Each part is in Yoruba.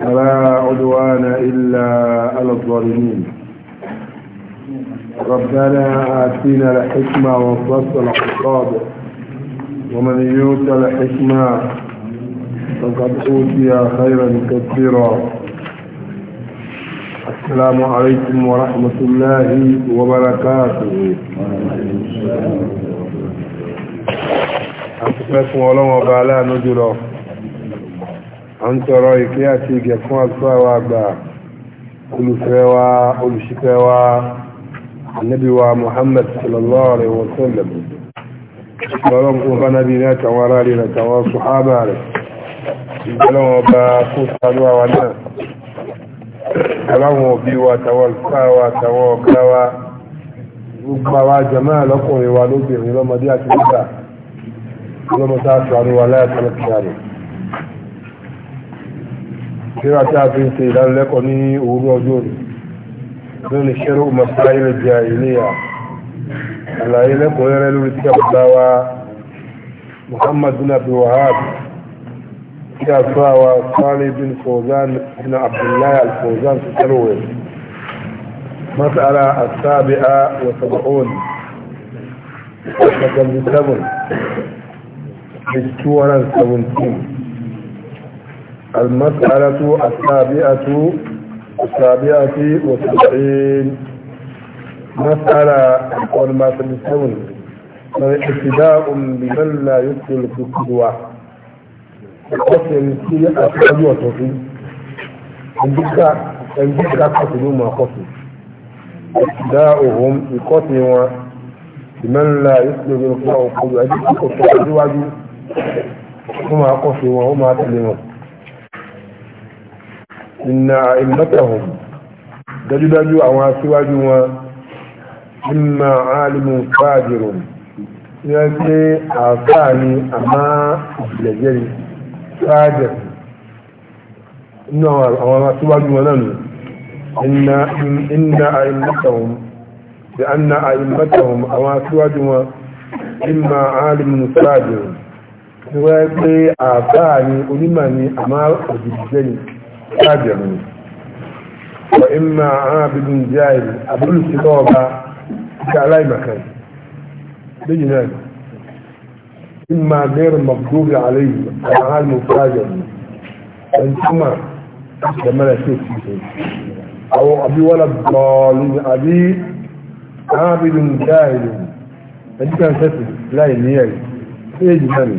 فلا عدوان إلا على الظالمين ربنا آتنا الحكمة وفصل العقاب ومن يؤت الحكمة فقد أوتي خيرا كثيرا السلام عليكم ورحمة الله وبركاته أتفاكم ولو وبعلا نجلو an tọrọ ìkẹ́ àti ìgẹ̀ fún àtúwàwà àgbà olùfẹ́wà olùṣìfẹ́wà annabiwa muhammad sallallahu alaihi wasallam lọ́rọ̀n kún bá nábi ní àtàwọn ará rí àtàwọn sùhábà rẹ̀ ìgbẹ́lọ́wọ́ bá kún sàlúwàwà náà aláwọn òbí wa àtàwọn alfáwà àtàwọn ọ̀gáwà gbogbo àwa jàmáà lọ́kùnrin wa lóbìnrin lọ́mọdé àti nígbà tíra tí a fi ń ṣe ìdánilẹ́kọ̀ọ́ ní òwúrọ̀ ọjọ́ òní lónìí ṣẹ́rù masáyìlì jẹ́ àìlèyà àlàyé lẹ́kùnrẹ́rẹ́ lórí tí a kò bá wa muhammad bin abdul wahab tí a sọ àwa sáré bin fòzán bin abdullahi alfòzán ti tẹ́lọ̀wẹ̀ masala asabi'a wa sab'un wa 77 217 المسألة السابعة السابعة والسبعين مسألة والما سبسون اعتداء بمن لا يدخل في القدوة قتل في أسعد وتوفي عندك عندك قتلوا ما قتل اعتداؤهم بقتل بمن لا يدخل في القدوة قدوة عندك قتلوا وما قتل وما تلموا inna a'immatahum dájúdájú àwọn aṣíwájú wọn imma alimun fajirun ní wọ́n pé àfáà ni àmá ìjìlẹ̀jẹ́ ni fájẹ̀ inú àwọn aṣíwájú wọn náà nù inna a'immatahum bí anna a'immatahum àwọn aṣíwájú wọn imma alimun fajirun ni wọ́n pé àfáà ni onímọ̀ ni àmá ìjìlẹ̀jẹ́ ni تاجر وإما عابد جاهل أبل سلوبا كالاي مكان بيجي ناس إما غير مقدور عليه العالم تاجر أنتما لما لا شيء أو أبي ولد ضال أبي عابد جاهل أنت كان سفر لا يميز إيه جمالي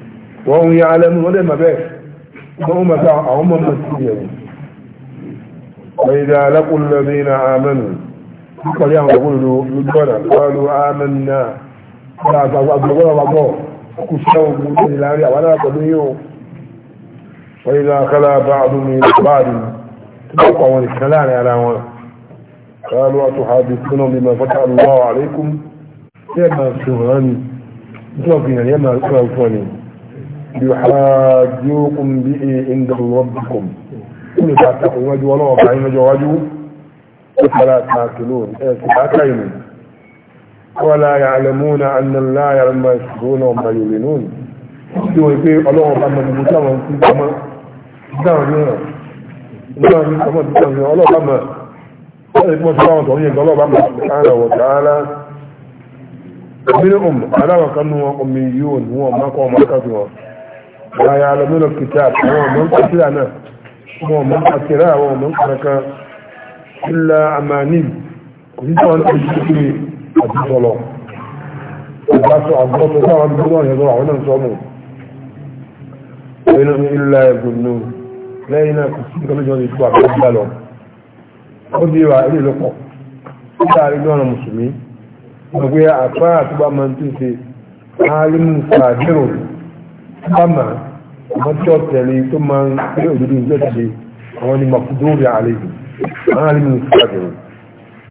وهم يعلمون لما بيه هم هم مسيحيين فإذا لقوا الذين آمنوا قال يا يقولوا لدونا قالوا آمنا لا تقول الله كسوا من الهارية ولا تبنيوا وإذا خلا بعض من بعض تبقوا الكلام على هنا قالوا أتحادثون بما فتح الله عليكم يا ما سوغاني توفينا يا ما سوغاني يحاجوكم به عند ربكم إن تأتكم وجه ولو أبعين وجه وجه فلا تأكلون تأكلون ولا يعلمون أن الله يعلم ما يسرون وما يعلنون yóò pé ọlọ́wọ́ bá mọ̀ nínú táwọn ń pamọ́ dáhùn ní ọ̀rọ̀ nígbà ní ọmọ tó tẹ̀lé ọlọ́wọ́ bá mọ̀ wọ́n lè mọ̀ sí báwọn tó ń bá mọ̀ sí ara ọmọ aláwọ̀ kan mọ́kọ́ ọmọ akásùn wọn لا يعلمون الكتاب هو من قتلنا هو من قتلنا هو من قتلنا إلا أماني كنت أن أشكري أبي صلاة الناس عبدالله صلى الله عليه وسلم صلوا وإنهم إلا يظنون لا ينافسون كما جاءوا يتبع بأبدالهم ọdí wa ilé lọ́pọ̀ látàrí lọ́nà mùsùlùmí ọgbẹ́ àpá àtúbà máa ń tún ṣe alimu fàájẹ́rò ama àwọn tí ó tẹ̀lé tó máa ń pé òdodo ìjọ ṣe àwọn ni makudori àlejò àwọn àlejò ìsìlájò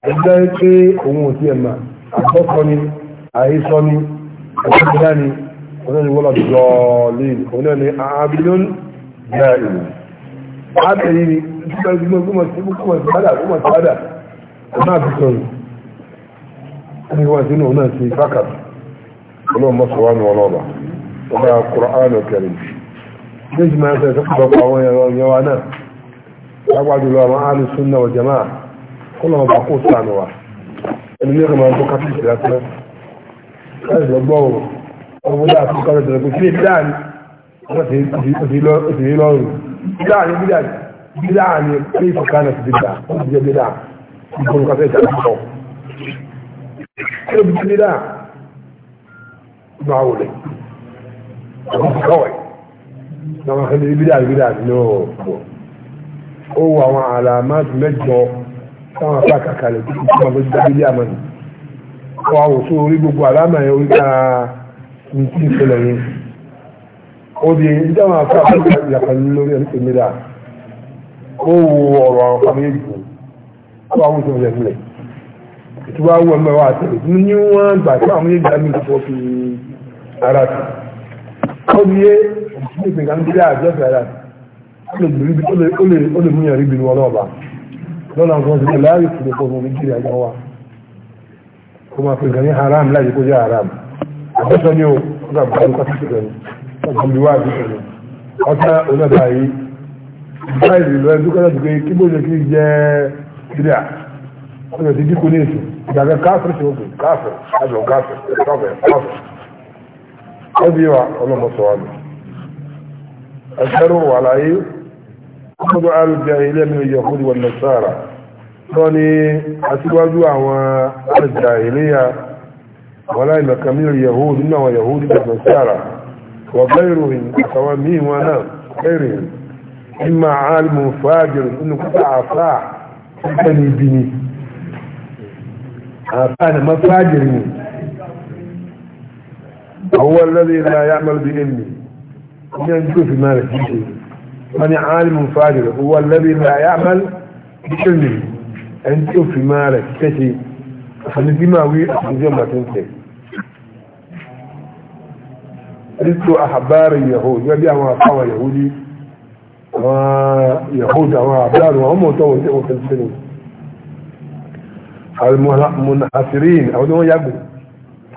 ẹgbẹ́ pé òun ò tí ẹ̀ mà àbọ́kọ ni àhesọ ni ọ̀ṣọ́dá ni ọ̀nà ni wọ́lọ̀ dọ̀ọ̀lì ọ̀nà ni àbílón jẹ́ ìlú àbẹ̀lì ni ìgbẹ́gbẹ́ gbọ́mọ̀ sí gbọ́mọ̀ sí padà gbọ́mọ̀ sí padà ọ̀nà àbísọ̀rọ̀ ẹni wọ́n sínú ọ̀nà sí fákàtì ọlọ́mọ sọ̀rọ̀ ní ọlọ́ọ̀bà ومع القرآن الكريم نجمع سيتقبل قوانين يوانا أقعد الله مع أهل السنة والجماعة كلهم بقوص عنه اللي يغمى أن تقتل ثلاثة هذا الضوء أولا تقتل ثلاثة في الثاني في لون بدعني بدعني بدعني كيف كانت بدعة بدعة يكون قتلت على الحقوق كيف بدعة معولي àbúkú kọ́wẹ̀ lọ́wọ́ kan ní ibídà ibídà náà pọ̀ ó wọ àwọn àlàmáàtì mẹ́jọ táwọn apá kàkàlẹ̀ tó kúkú máa fi dá ilé àmọ́ ni ó wà wòsó orí gbogbo àlámà yẹn orí ká ní tí yẹn ó di táwọn apá kàkàlẹ̀ ìyàpá lórí ẹ̀ ní ó wo ọ̀rọ̀ àwọn fámílì jù ó wà wòsó orí ẹ̀ ìtura wọ ẹgbẹ́ wa àtẹ̀lẹ̀ ní wọ́n gbà tí àwọn méjì ó ní yé ìpín kan níbi àjọ fẹ́rẹ́ ó lè múyàn rí bínú ọlọ́ọ̀bà lọ́nà kan sí láàrín ìpínlẹ̀ kọ́ fún nàìjíríà jọ wa kó máa pè ní haram láyé kó jẹ́ haram àbẹ́sọ ni ó gbà bá ní bí yìí báyìí lọ kọ́tà kí jẹ́ ti dínkù ní ìgbàgbẹ́ ó ẹbí wa ọlọ́mọ sọ wà ní ẹ̀ṣẹ́rù wà láyé ọmọdé alùjẹ ilé mi yahudi wà nasara lọ ni aṣíwájú àwọn alùjẹ iléyà wọn láì mẹ́ka mi yahudi nínú àwọn yahudi wà nasara wà bẹ́ẹ̀rù hìn àtàwọn míì wọn náà bẹ́ẹ̀rù hìn ìmà alimu fàájìr nínú kúta àfà nípa ní ibi ni àfà ni mọ́ fàájìr ni هو الذي لا يعمل بعلمي ينجو مالك شيء من عالم فاجر هو الذي لا يعمل بعلمي أنت في مالك شيء فندماوي أخذ ما تنسي قلت أحبار اليهود يبيع ما يهودي ويهود وأحبار وهم متوسعوا في السنين المنحسرين أو دون يقول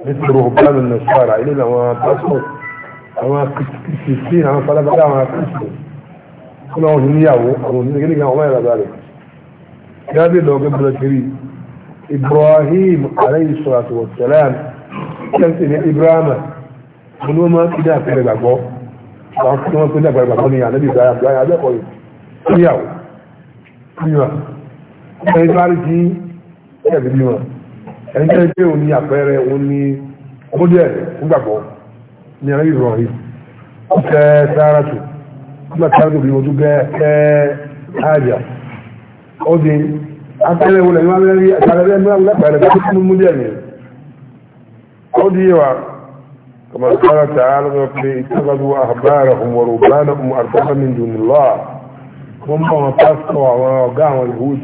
مثل رهبان النصارى إلينا وبصر àwọn kìsìsìn àwọn falabala àwọn kìsìsìn kí wọ́n ní níyàwó àwọn onígbẹ́ nígbà wọ́n yàrá rẹ̀ gábí lọ́gẹ́ bọ́lọ́kiri ibrahim alayhi salatu wa salam kẹ́ntì ní ibrahima mo ní wọ́n máa ń kí ní àpẹẹrẹ gbàgbọ́ àwọn kí wọ́n kí ní àpẹẹrẹ gbàgbọ́ ní ànábì ìgbà àgbà àbẹ́kọ̀ọ́ ẹnikẹ́ni pé òun ní àpẹẹrẹ òun ní ọmọdé ẹ̀ nígbàgbọ́ ní ẹ̀rọ ìrọ̀ yìí ó fẹ́ sára tù nígbà tí sára tù bí mo tún gẹ́ ẹ́ àjà ó di àpẹẹrẹ òun lẹ́yìn wáyé rí àtàrẹ mẹ́rin lẹ́pẹ̀rẹ̀ tó tún mú díẹ̀ nìyẹn ó di yẹwà كما قال تعالى اتخذوا أحبارهم ورهبانهم أربابا من دون الله هم ما فاسقوا وقعوا الهود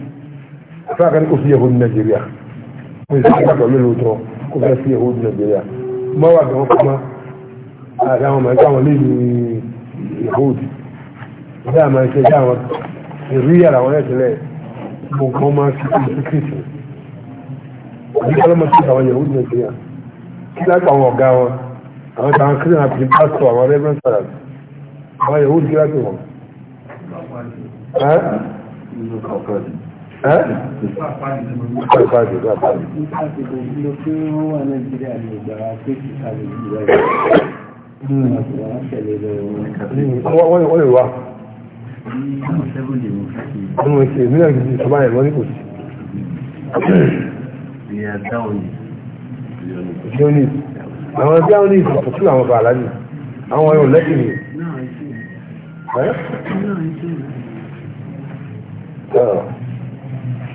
فكان أفيه النجرية fún ìsìnkú mélòó tọ́ kó fẹ́ sí ẹ̀hó nàìjíríà mọ́wà gan kọ́mọ́ àti àwọn ọmọ ẹ̀kọ́ àwọn léèlú ẹ̀hó bí àmọ́ ẹ̀kẹ́ jẹ́ àwọn ìrí yàrá wọn ẹ̀tẹ́lẹ̀ mo kàn máa fi kí sí kìtì àbí kọ́lọ́ máa fi àwọn ẹ̀hó nàìjíríà kí láti àwọn ọ̀gá wọn àwọn táwọn kí náà fi pásítọ̀ àwọn reverend fathers àwọn ẹ̀hó nàìjíríà ti wọ̀n wọ́n lè wá ọmọ ìṣe ìmìnà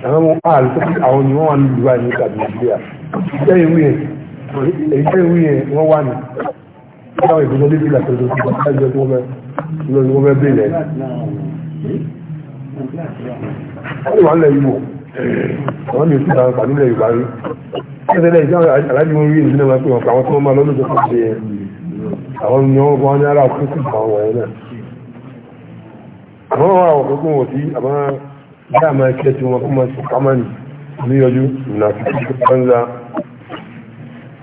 àwọn àlùfẹ́ àwọn ni wọ́n wà ní dubai ní ìgbà nàìjíríà ìjẹ́ ìwé ẹ̀ ìjẹ́ ìwé ẹ̀ wọ́n wà ní báwọn ìgbésẹ̀ ní ìlà pẹ̀lú ìgbà tájọ́ tí wọ́n fẹ́ lọ ní wọ́n fẹ́ bèèrè ẹ̀ wọ́n lè wà nílẹ̀ yìí mọ̀ àwọn ní oṣù tàbí pàdé ilẹ̀ Yorùbá dama ya ce tun kuma su kamani liyoju na fi banza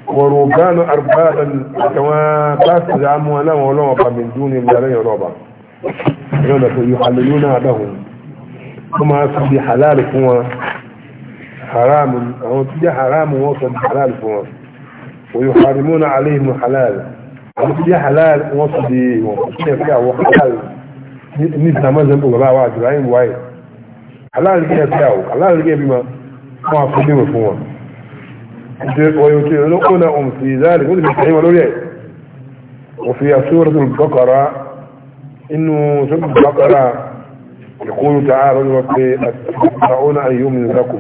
warogano arba'an kama ta su zamu wani wani wa min duni yaren yaro ba yau da su yi haliluna da hun kuma su bi halal kuma haramun a wata ji haramun wasu halal kuma wa yi harimuna aláàrígẹ́ ẹ̀bí àwọ̀ aláàrígẹ́ ẹ̀bí ma wọ́n àfúnlẹ̀wò fún wọn ọ̀yọ̀ tí ó na òun sí ìzáàrí ó ti fi ṣẹ́yìn wọn lórí ẹ̀ òfin àṣírọ́tò bọ́kọ̀rá inú sọ́kù bọ́kọ̀rá ìkóyù tá a rọ́jọ́ pé àtàwọn àyíwò mi nìkan kù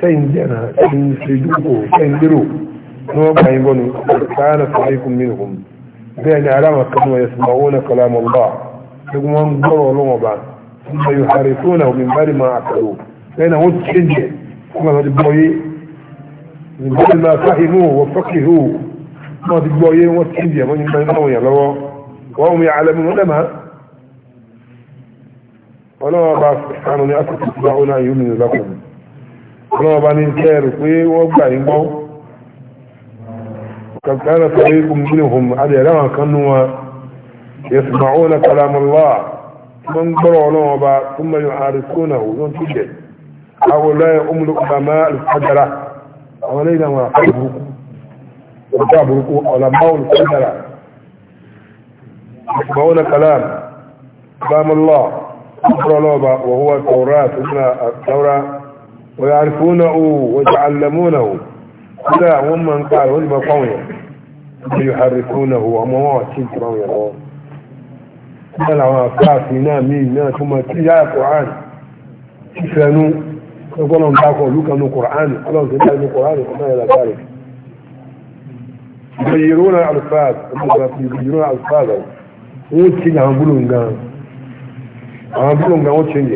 sẹ́yìn jẹ́nà sẹ́yìn ṣe dúkò sẹ́yìn dérò ní wọ́n kàn yín bọ́nu káàna fàáyíkùn mí nìkan bẹ́ẹ̀ ni aláwọ̀ kan wọ́n yẹ ثم يحرفونه من بعد ما عقلوه لأنه هو السنجة كما تبوي من بعد ما فهموه وفكهوه كما تبوي هو السنجة من ينبغي لو وهم يعلمون لما ولا بعض سبحانه لأسف تتبعون أن يؤمن لكم ولا بعض إنكار فيه وقع ينبغي وكان كان فريق منهم على لما كانوا يسمعون كلام الله من قرأنا وبا ثم يعارفونه ينتجه هؤلاء أم الأمماء الفجرة ولينا ما تبرك وتبرك علماء الفجرة يسمعون كلام كلام الله أخرى لوبا وهو التوراة هنا التوراة ويعرفونه ويتعلمونه هنا هم من قال ولما قوي يحرفونه ومواعشين كما يقول náà làwọn àfáàfin náà míì náà tó mọ tí yára Quran ìfẹnu ọgbọ́n ń dákọ̀ lùkànnù Quran ọlọ́run tó dáa ní Quran ọmọ yẹn lágbá rẹ̀. ìgbẹ̀yẹ̀rọ̀ náà alfaaz ọmọ ìgbà fi ìgbẹ̀yẹ̀rọ̀ náà alfaaz ọ̀ wọ́n ti ní àwọn búlò nǹkan àwọn búlò nǹkan wọ́n ti ń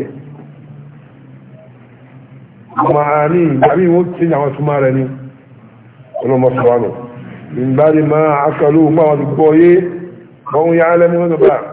yẹ. ọmọ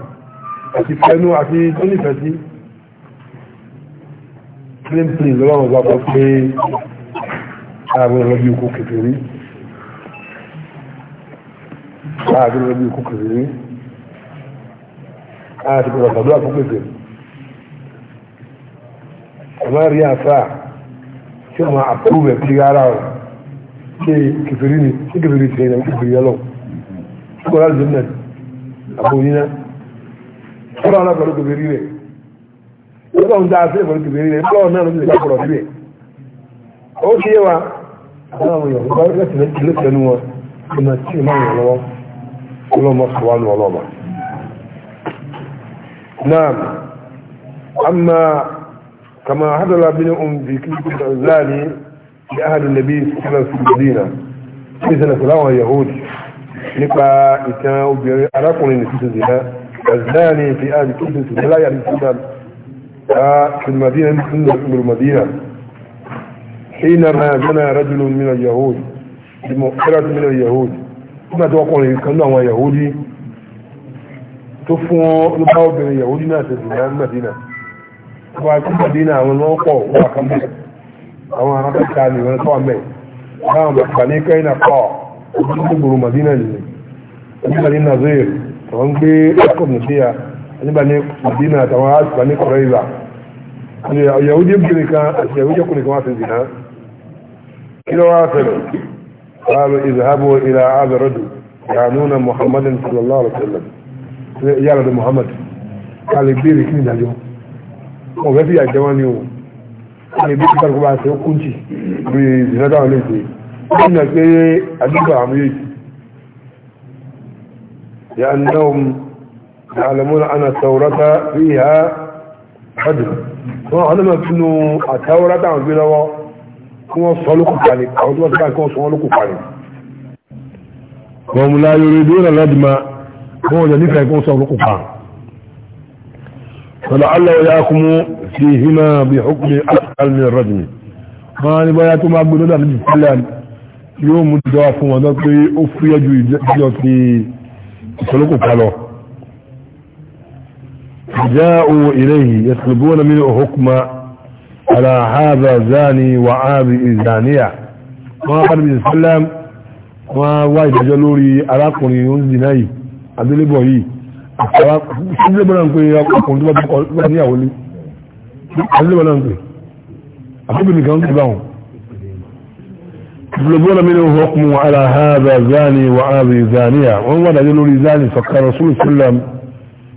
àti fẹ́nu àti tó nífẹ̀ẹ́ sí plain plain lọ́wọ́ bá bọ́ pé àwọn ọlọ́bí okú kékeré láàrin ọlọ́bí okú kékeré láti pẹ̀lú àtàdúrà fún kékeré ọmọ rí àfà tí ọmọ àpúrúwẹ̀ sí ara ọ̀ ṣe kékeré ni ṣe kékeré ti ẹ̀yàn kékeré yẹlọ ṣùgbọ́n láti jẹ́ mẹ́rin àbúrú yín náà ọlọ́run náà pẹ̀lú kòfèrí rẹ̀ ọlọ́run dáa sí pẹ̀lú kòfèrí rẹ̀ ọlọ́run náà ló ti lè gbàgbọ́rọ̀ síbẹ̀ ó fi yé wa àwọn àwọn èèyàn bá rẹ̀ sílẹ̀ sílẹ̀ pẹ̀lú wọn kò máa tí ì máa yàn lọ́wọ́ ọlọ́mọ sọ̀wánu ọlọ́mọ. naam amma kama hadala bin um bi kiri zani bi ahadu nabi sallallahu alaihi wasallam ní sẹ́nà sọ̀rọ̀ àwọn yahudi nípa ìtàn obìnrin arákùnrin nìkan tó zina الزاني في اهل كفر لا يرثون في المدينه من المدينه حينما زنى رجل من اليهود بمؤخرة من اليهود ثم توقعوا يتكلموا عن يهودي تفوا لبعض بين اليهود ناس في المدينة وعلى المدينة ومن وقعوا وكمل àwọn arákàtà ni wọ́n tọ́ mẹ́ láwọn bàbá ní kẹ́yìnà pọ̀ ọdún gbogbo madina àwọn ń gbé ẹ̀kọ́ nìbíyà nígbà ní Madina àtàwọn àṣìbá ní kọ̀rọ̀ ìlà ìyàwó jẹ́ bìnrin kan àti ìyàwó jẹ́ kùnrin kan wá sí ìdìnnà kí ló wá ṣẹlẹ̀ قالوا اذهبوا الى هذا الرجل يعنون محمد صلى الله عليه وسلم يعرض محمد قال بيري كني داليو او بيبي يا جواني او ni bí kíkọ́ kó bá ṣe ó kúnjì bí ìrìnàjò àwọn ilé ìgbé nínú pé àdúgbò àwọn méjèèjì لأنهم يعلمون أن التوراة فيها حجر وعلم أنه التوراة عن بلوى كما صلوك فاني أو دوات كان كما صلوك فاني وهم لا يريدون الهدم هو جنيفة يكون صلوك فاني فلعله يحكم فيهما بحكم أسهل من الرجم ما نبيات ما أقول لنا في الإسلام يوم مدعف ومدعف أفريج جدعتي خلقوا قالوا جاءوا إليه يطلبون منه حكما على هذا زاني وعابي زانية ما قال بن السلام ما وايد جلوري أراقني ينزني أدلي بوي أدلي بنانكوي يقول دبا بنيا ولي أدلي بنانكوي أقول بني كانت بانه يطلبون منه حكم على هذا زاني وهذه زانية وهو رجل زاني فكان رسول صلى الله عليه وسلم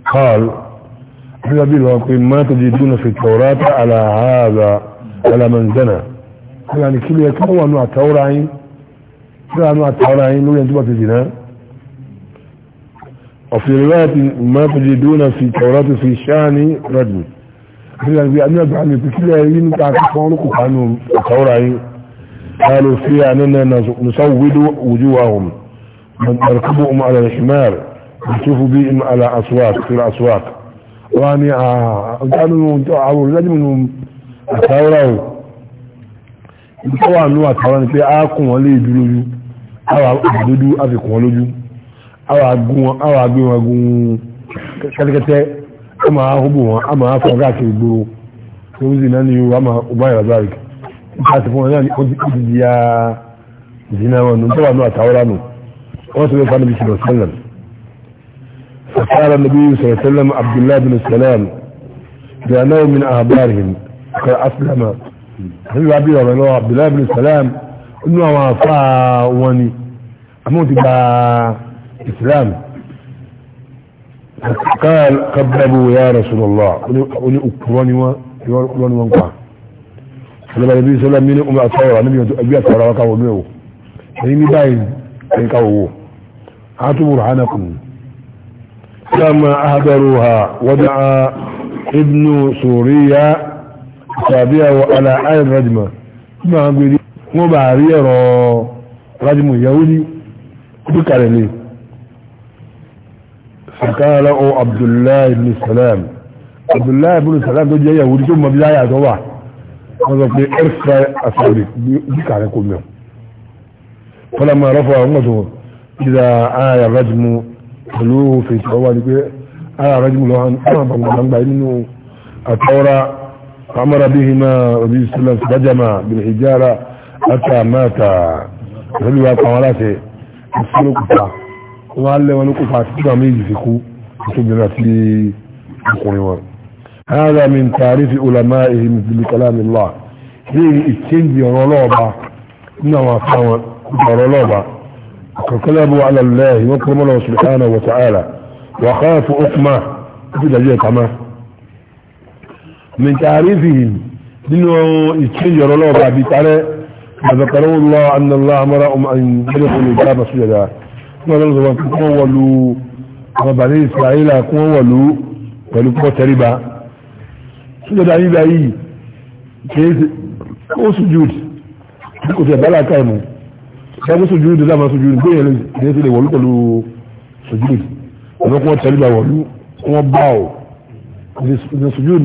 قال ما تجدون في التوراة على هذا على من زنى يعني كل يكون أنواع التوراة كل أنواع التوراة لو ينتبه في الزنا وفي رواية ما تجدون في التوراة في شان رجل يعني بأنه يعني كل يكون أنواع التوراة قالوا فيها أننا نسود وجوههم نركبهم على الحمار نشوف بهم على أسواق في الأسواق واني قالوا عبر لازم انهم اتاوروا طبعا لو اتاوروا pé a kùn wọ́n lé ìdúlójú àwa ìdúdú a fi kùn wọ́n lójú àwa gún wọn àwa gbé wọn gún kẹ́tẹ́kẹ́tẹ́ a máa hóbò wọn a máa fọ́n káàkiri gbòó tó ń zì náà ni yóò a máa ọba ìrọ̀bá láti fún wọn náà ya ah, zina wọn nù tẹ́wà náà àtàwọn lánàá wọ́n sọ fún anabi sọ̀rọ̀ sẹ́lẹ̀m فقال النبي صلى الله عليه وسلم عبد الله بن السلام جاءناه من أخبارهم قال أسلم حبيب عبد الله عبد الله بن السلام inú àwọn àfá wọn ni àmọ́ ti gba islam kàbàbù ya rasulullah ó ní òkúrọ́ ni wọ́n sọlọ́ba ẹbí sọlọ́ mi ní omi àtọ́wọ̀ níbi ẹgbẹ́ àtọ́wọ̀ wa káwọ́ mi o ẹ̀yin ní báyìí ẹ̀yin káwọ́ wò á tún wúrọ̀ hánà kùn. sáàmà ahadaru ha wọ́dà ibnu sòríyá tàbí àwọn àlà àyìn rajma tí màá gbé ní wọ́n bá rí ẹ̀rọ rajma yahudi bí kàrẹ̀ lè. sàkàrà ọ abdullahi ibn salam abdullahi ibn salam tó jẹ́ yahudi tó mọ̀ bí láyà tó wà. wọ́n sọ pé ẹ̀rfẹ́ àṣàrí bí kàrẹ́ kò mẹ́ọ̀ fọ́lá máa rọ́fọ́ àwọn ọ̀dọ̀ ìdá ara rájìmú pẹ̀lú fèsì ọwọ́ ni pé ara rájìmú lọ́wọ́ àwọn àbàmọ̀láńgbà nínú àtọ́ra amara bí hima rabi islam sibajama bin hijara ata mata pẹ̀lú apàwọn aláṣẹ ìṣúná kùfà wọ́n á lẹ́wọ́n ní kùfà àti tí wọ́n méjì fi kú tó bẹ̀rẹ̀ àti ọkùnrin wọn هذا من تعريف علمائهم بكلام الله ليه التنجي رلوبة إنما فهو رلوبة كلامه على الله وكرم الله سبحانه وتعالى وخاف أقمة في دجية من تعريفهم إنه التنجي رلوبة بتعالى فذكروا الله أن الله أمرهم أن يدخلوا الإجابة سجدا ونظروا كون ولو وبني إسرائيل أقولوا ولو ولو تربا sójọ́dá yíba yìí kìí ṣe ó sùjúd kò tẹ̀ bá láàká ìmú ṣẹ́gbẹ́ sùjúd láàmà sùjúd gbé yẹn lè ṣe lè wọ̀lú pẹ̀lú sùjúd ọ̀dọ́ kí wọ́n tẹ̀lébà wọ̀lú wọ́n bá ọ̀ ní sùjúd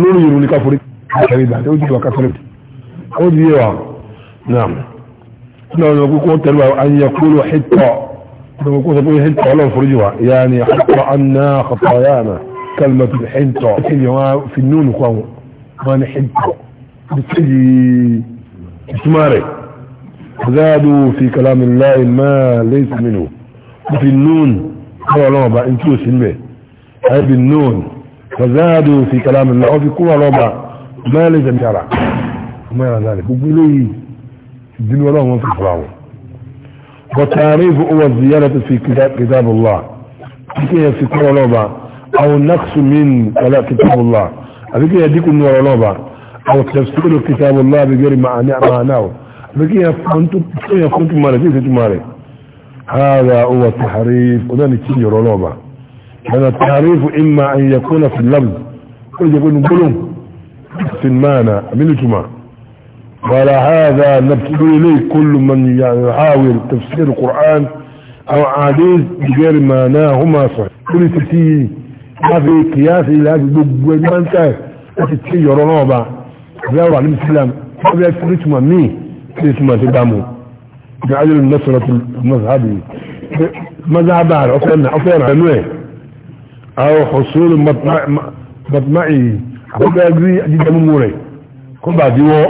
lórí ìrùn ní káforí tẹ̀lébà ó ti wà káforí ó di yẹwà náà náà ní ọkọ̀ wọ́n tẹ̀lébà ayé kúrò hìtọ̀ ní ọkọ̀ sọ pé hìtọ̀ ọlọ́run forí كلمة الحنطة في النون قوم ما حنطة بتجي اسماري زادوا في كلام الله ما ليس منه وفي النون قوى لعبة انتو سلمي هاي بالنون فزادوا في كلام الله وفي قوى لعبة ما ليس مشارع ما يرى ذلك وقلوا الدين ما في الفراغ وتعريف هو الزيارة في كتاب, الله كيف في قوى لعبة او نقص من ولا كتاب الله ابيك يديك النور ورنوبة او تفسير كتاب الله بغير معناه ابيك يفكنت مالي تيسة مالي هذا هو التحريف وده نتيجه ورنوبة هذا التحريف اما ان يكون في اللفظ قل يقول نقولهم في المعنى من جمع ولا هذا نبتدي اليه كل من يحاول تفسير القرآن او عديد بغير معناه هما صحيح كل تسيه láti kìíyàsí láti gbogbo ẹni máa ń tẹ̀ láti tí yọ̀rọ̀ náà bá rẹwà ní islam wọ́n bẹ́ẹ̀ tí túmọ̀ míì tí túmọ̀ ti bá mu ní ayélu ní sọ̀rọ̀ tó mọ̀sáàbì mọ́sáàbà rẹ̀ ọ̀fẹ́ rẹ̀ nú ẹ̀ àwọn ọ̀ṣọ́rọ̀ mọ̀tmáì àwọn bẹ́ẹ̀ rí jíjẹ mímú rẹ̀ kó bá di wọ́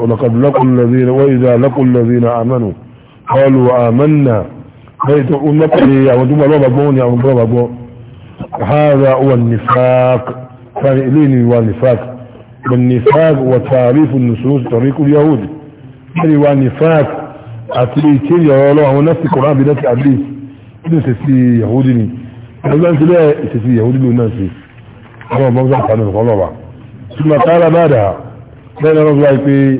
ولقد لقوا الذين وإذا لقوا الذين آمنوا قالوا آمنا فإذا لقوا الذين آمنوا قالوا آمنا هذا هو النفاق فإليني والنفاق والنفاق وتعريف النصوص طريق اليهود يعني والنفاق أتريكي يا الله هو نفس القرآن بذات عبيس إذن سيسي يهودني أقول أنت لا سيسي يهودني وناسي هو موضع فعلا الغلبة ثم قال بعدها كان رجل في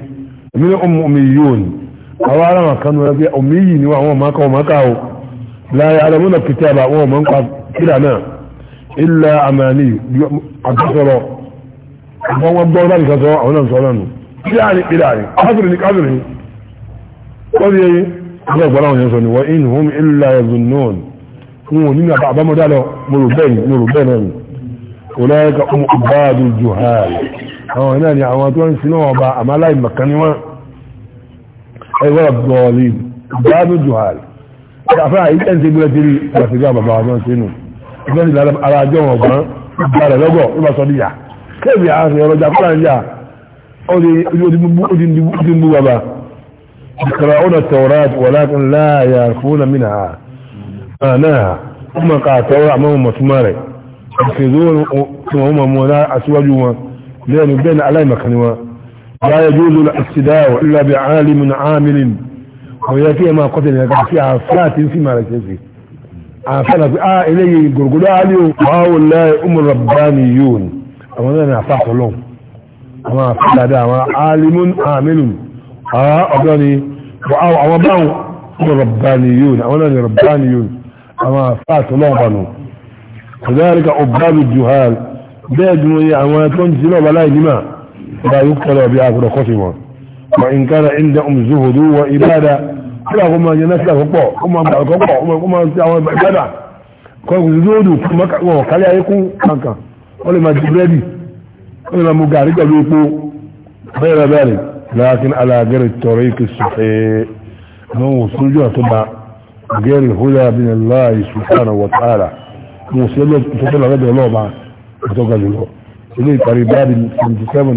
من أم أميون أو على ما كانوا أميين وهو ما كانوا ما كانوا لا يعلمون الكتابة وهو من قد كلنا ilẹ̀ àmàlì àgbẹ̀sọ̀rọ̀ àwọn wọn gbọ́ láti sọ àwọn náà sọ náà nù kíláàrin kíláàrin káfìrì ní káfìrì ní wọ́n fi ọjọ́ ìgbọ́n àwọn yẹn sọ ni wọ́n in hum ilẹ̀ ẹ̀zùn náà wọn ò nínú àbámọ́dá lọ mo rò bẹ́ẹ̀ mo rò bẹ́ẹ̀ náà ni ọlọ́yẹ́ka ọmọ ìbáàdù juhari àwọn náà ni àwọn tó ìgbọ́n ìlà ara àjọ ọ̀gbọ́n ìgbà rẹ̀ lọ́gọ̀ ló bá sọ níyà kébì àárín ọ̀rọ̀ jà kúrò níyà ó di odi bú bàbá ìkàrà ọ̀nà tawrat walakin la yarfuna minha náà ó mọ̀ àmọ́ لا يجوز الاقتداء إلا بعالم عامل ويكي ما قتل يكفي في ما فلك آ آه، إلي قرقل عليو هاو الله الربانيون أما أنا أفاق لهم أما فلا دا أما عالم آمن آ آه، أبداني وآو أما باو أم الربانيون أما أنا ربانيون أما فات لهم بانو كذلك أبان الجهال بيدنوا يا أما يكون جلو بلا جماع لا يقتلوا بأكل خصمه وإن كان عندهم زهدوا وإبادة kọ́lá kó máa yẹ nẹ́sílẹ̀ púpọ̀ kó máa bàrẹ̀ púpọ̀ kó máa ti àwọn ìbàdà kọ́kùn sí lóòdù wọn kárí ayé kún kankan wọ́n lè máa di búrẹ́dì wọ́n lè máa mú gàrí pẹ̀lú epo bẹ́ẹ̀rẹ̀ bẹ́ẹ̀rẹ̀ láàkín alágẹ́rẹ̀ tọrọ ìkè sọ̀fẹ́ wọn ò sún jù àtúbà gẹ́rẹ̀ húlẹ̀ abiyaláì sùfàànà wọ̀tààrà mo sì lọ́ọ́